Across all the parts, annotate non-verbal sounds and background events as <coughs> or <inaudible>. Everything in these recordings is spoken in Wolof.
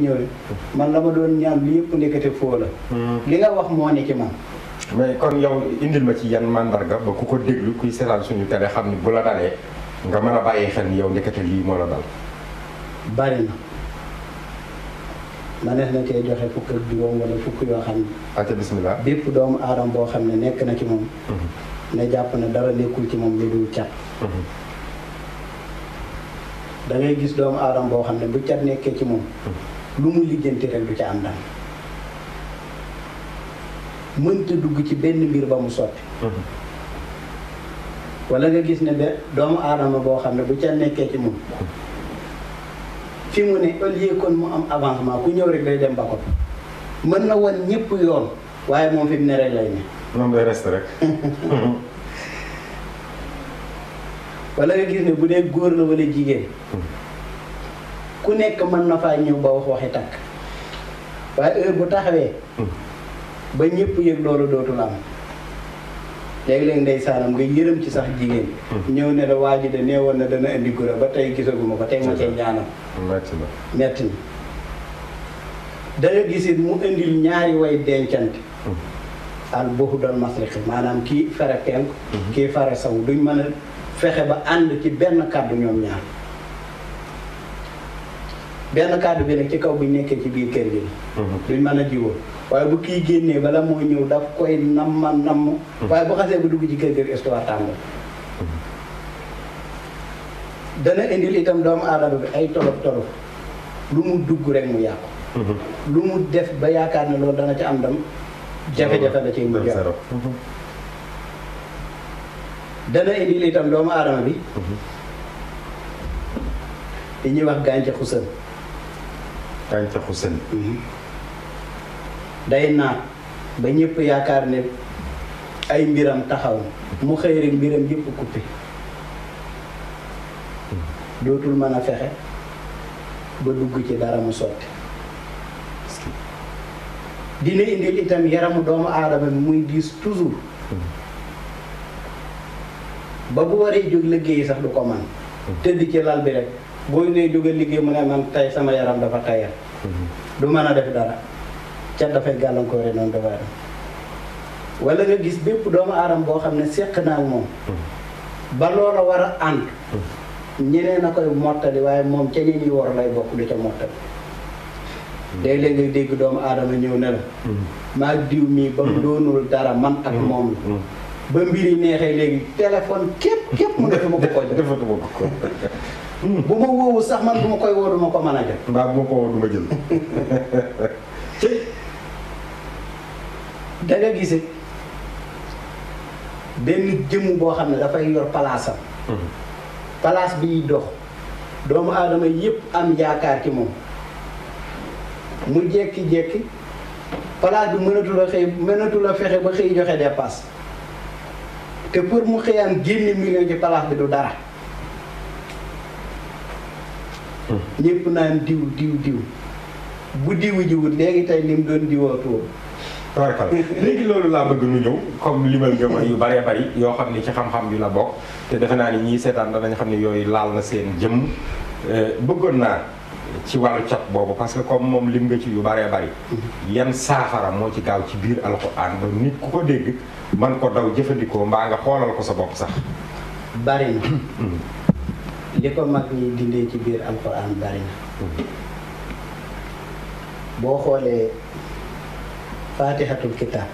ñëw man la ma doon ñaan li yëpp ndekete foo la hmm. li nga wax moo ne ci man mais kon yow indil ma ci yan mandarga ba ku ko déglu kuy seetaan suñu télé xam ne bu la dalee nga mën a bàyyi xel ni yow ndekete lii moo la dal bari na ma neex na joxe fukk ak juróom wala fukk yoo xam ne ate ah, bismillah bépp doomu aaram boo xam ne nekk na ci moom hmm. ne jàpp na dara nekkul ci moom lu dul cat hmm. da gis doomu aadama boo xam ne bu cat nekkee ci moom lu mu lijjanti rek du ca am ndam mënta dugg ci benn mbir ba mu sotti mm-hmm. wala nga gis ne be doomu aadama boo xam ne bu ca nekkee ci moom fi mu ne au lieu kon mu am avancement ku ñëw rek day dem ba mën na wan ñépp yoon waaye moom fi mu ne lay ne moom day reste rek <laughs> wala nga gis ne bu dee góor la wala jigéen mm-hmm. ku nekk mën na faa ñëw ba wax waxi takk waaye heure bu taxawee ba ñépp yëg loolu dootul am léegi-léegi ndeysaanam nga yërëm ci sax jigéen ñëw ne la waa ji de nee woon na dana indi gura ba tey gisaguma ko tey ma cee ñaanam metti na danga gisit mu indi ñaari way dencante al buxu dal masriq maanaam kii fere penk mhm. kii fere saw duñ mën a fexe ba ànd ci benn kàddu ñoom ñaar benn kàddu bi rek ci kaw bu ñu nekkee ci biir kër gi. duñ mën a jiwoo waaye bu kii génnee bala moo ñëw daf koy nam ma nam. waaye bu xasee bu dugg ci kër gi histoire tàmbali. dana indil itam doomu aadama bi ay tolof lu mu dugg rek mu yàqu. mu def ba yaakaar ne loolu dana ci am ndam jafe-jafe la indil itam doomu aadama bi. Mhm. li ñuy wax gàncaxu sën. gàncaxu sën mhm. day naat ba ñëpp yaakaar ne ay mbiram taxaw mu xëy rek mbiram yëpp coupé mhm. dootul mën a fexe ba dugg ci dara mu sotti dina indil itam yaramu doomu aadama bi muy diis toujours mhm. ba bu waree jóg liggéey sax du ko man tëdd ci lal bi rek boo nee jóge liggéey mu ne man tey sama yaram dafa tayal du mën a def dara ca dafay gàllankoore noonu dafa am wala nga gis bépp doomu aadama boo xam ne seq naa ak moom ba loola war a ànd ñeneen a koy mottali waaye moom ca ñi ñuy war lay bokk du ca mottali léeg-léeg dégg doomu aadama ñëw ne la maa diw mii ba mu doonul dara man ak moom la ba mbir neexee léegi téléphone képp képp mu ne ma ko ko jox <laughs> bu ma woowu sax man bu ma koy woo du ma ko mën a jël. mbaa bu ma ko woo ma jël. ci <laughs> da gise benn jëmm boo xam ne dafay yor palaasam. Hmm. palaas biy dox doomu aadama yëpp am yaakaar ci moom mu jékki-jékki palaas bi mënatul a xëy mënatul a fexe ba xëy joxe de dépasse te pour mu xëyaan génn million ci palaas bi du dara. ñëpp naan diw diw diw bu diw jiwut léegi tey lim doon diwootoo tawarkal léegi loolu laa bëgg ñu ñëw comme limal nga ma yu bëree bëri yoo xam ne ci xam-xam yu la bokk te defe naa ni ñii seetaan danañ xam ne yooyu laal na seen jëm euh, bëggoon naa ci wàllu cat boobu parce que comme moom lim nga ci yu baree bëri mm-hmm. yan saafara moo ci gaaw ci biir alxuraan ba nit ku ko dégg man ko daw jëfandikoo mbaa nga xoolal ko sa bokk sax bari na mm-hmm. li ko mag ñi dindee ci biir alxuraan bari na boo xoolee faatixatul kitaab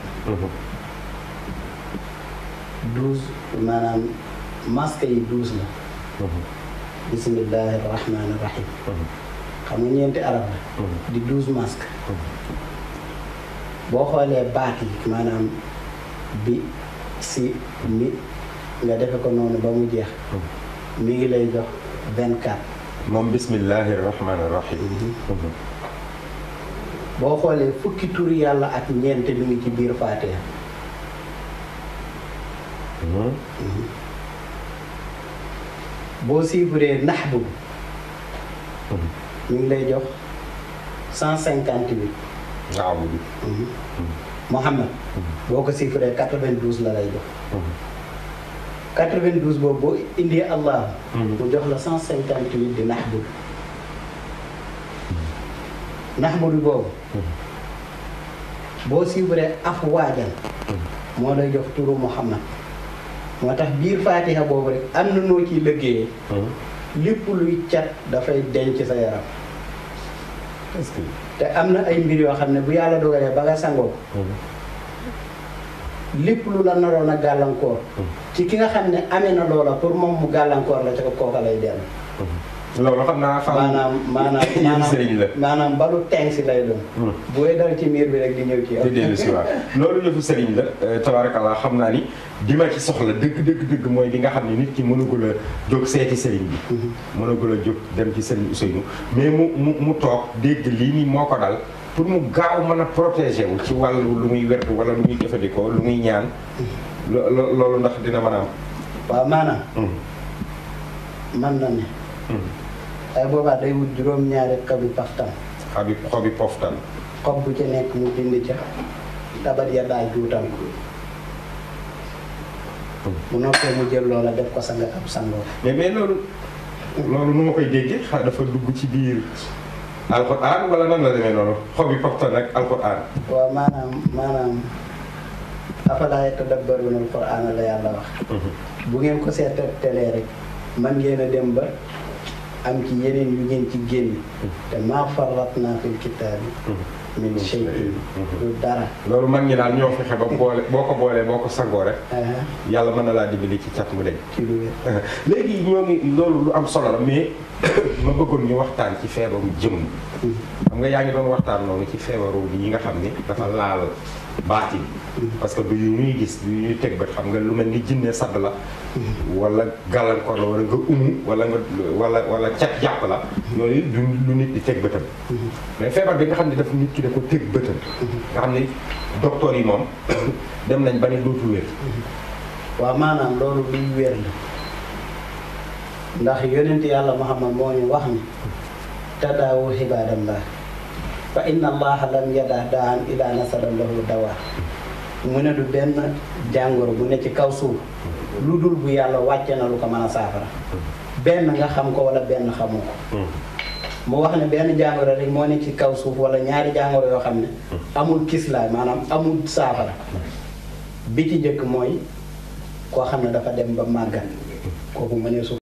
douze maanaam masque yi douze la bismillahi rahmaani rahim xam nga ñeenti arab la di douze masque boo xoolee baat yi maanaam bi si mi nga defe ko noonu ba mu jeex mi ngi lay jox vingt quatre. moom bismillahi rahmaani rahim. boo xoolee fukki tur yàlla ak ñeent mi ngi ci biir Faatiha. Hmm? Hmm. boo siiburee nax bu. Hmm. mi ngi lay jox cent cinquante huit. waaw. boo ko siiburee quatre vingt douze la lay jox. 92 boobu boo indee allah. Hmm. mu jox la 158 di naxbu. naxbu bi boobu. Hmm. boo siibree af waajal. Hmm. moo lay jox turu Muhammad moo tax biir faatiha boobu rek am na noo ciy liggéeyee. lépp luy cat dafay denc sa yaram. te am na ay mbir yoo xam ne bu yàlla dogalee ba nga sangoo. lépp lu la naroon a gàllankoor. ci ki nga xam ne amee na loola pour moom mu gàllankoor la ca kooka lay dellu. loolu xam naa faaw maanaam maanaam <laughs> maanaam maanaam balu teng si lay doon. Hmm. bu ci miir bi rek di ñëw ci yow. di dellu si waaw loolu yëfu sëriñ la euh, tabarakallaa xam naa ni di ma ci soxla dëgg dëgg dëgg mooy li nga xam ne nit ki mënagul jóg seeti sëriñ bi. Hmm. mënagul a jóg dem ci sëriñ Ousseynou mais mu mu mu toog dégg lii nii moo ko dal. pour mu gaaw mën a protéger ci wàllu lu muy werdu wala lu muy jëfandikoo lu muy ñaan. loolu ndax dina mën a am. waaw maanaam. man hmm. na ne. Hmm. ay boobaa day wut juróom-ñaari xobi poftan. xobi xobi poftan. xob bu ci nekk mu bind ca tabat ya daal juutam. Hmm. bu noppee mu jël loola def ko sang ab sangoo. mais mais loolu. loolu nu koy déggee xaa dafa dugg ci biir. alxuraan wala nan la demee noonu xob yi poftan nag alxuraan. waaw maanaam maanaam afalaa yatadabbaruuna alxuraan la yàlla wax. Mhm. bu ngeen ko seetantelee rek man ngeen a dem ba am ci yeneen yu ngeen ci génn. Mhm. te maa farrat naa fil kitaabi mhm. min mm-hmm. loolu mag ñi daal ñoo fexe ba <laughs> boole boo ko boolee boo ko sangoo rek uh-huh. yàlla mën na laa dimbali ci cat mu deñ <laughs> léegi ñoo ngi loolu lu am solo la mais <coughs> ma bëggoon ñu waxtaan ci feebaru jëm mm-hmm. xam nga yaa ngi doon waxtaan noonu ci feebaru yi nga xam ni dafa laal baati mm-hmm. parce que bi yu ñuy gis du ñuy teg bët xam nga lu mel ni jinne sadd la wala gàllankoor la wala nga umu wala nga wala wala cat jàpp la yooyu du lu nit di teg mais feebar bi nga xam ne daf nit da ko tëg bëtam nga xam ne docteur yi moom <coughs> dem nañ ba ne dootul wér waaw maanaam loolu luy wér la ndax yonent yàlla Muhammad moo ñu wax ni tadaawu xibaadallah fa inna allaha lam yada daan ila nasara lahu dawa mu ne du benn jàngoro bu ne ci kaw suuf lu dul bu yàlla wàcce na lu ko mën a saafara benn nga xam ko wala benn xamu ko hmm. mu wax ne benn jàngoro rek moo ne ci kaw suuf wala ñaari jàngoro yoo xam ne amul kislaay maanaam amul saafara bi ci njëkk mooy koo xam ne dafa dem ba màggat kooku mënee suuf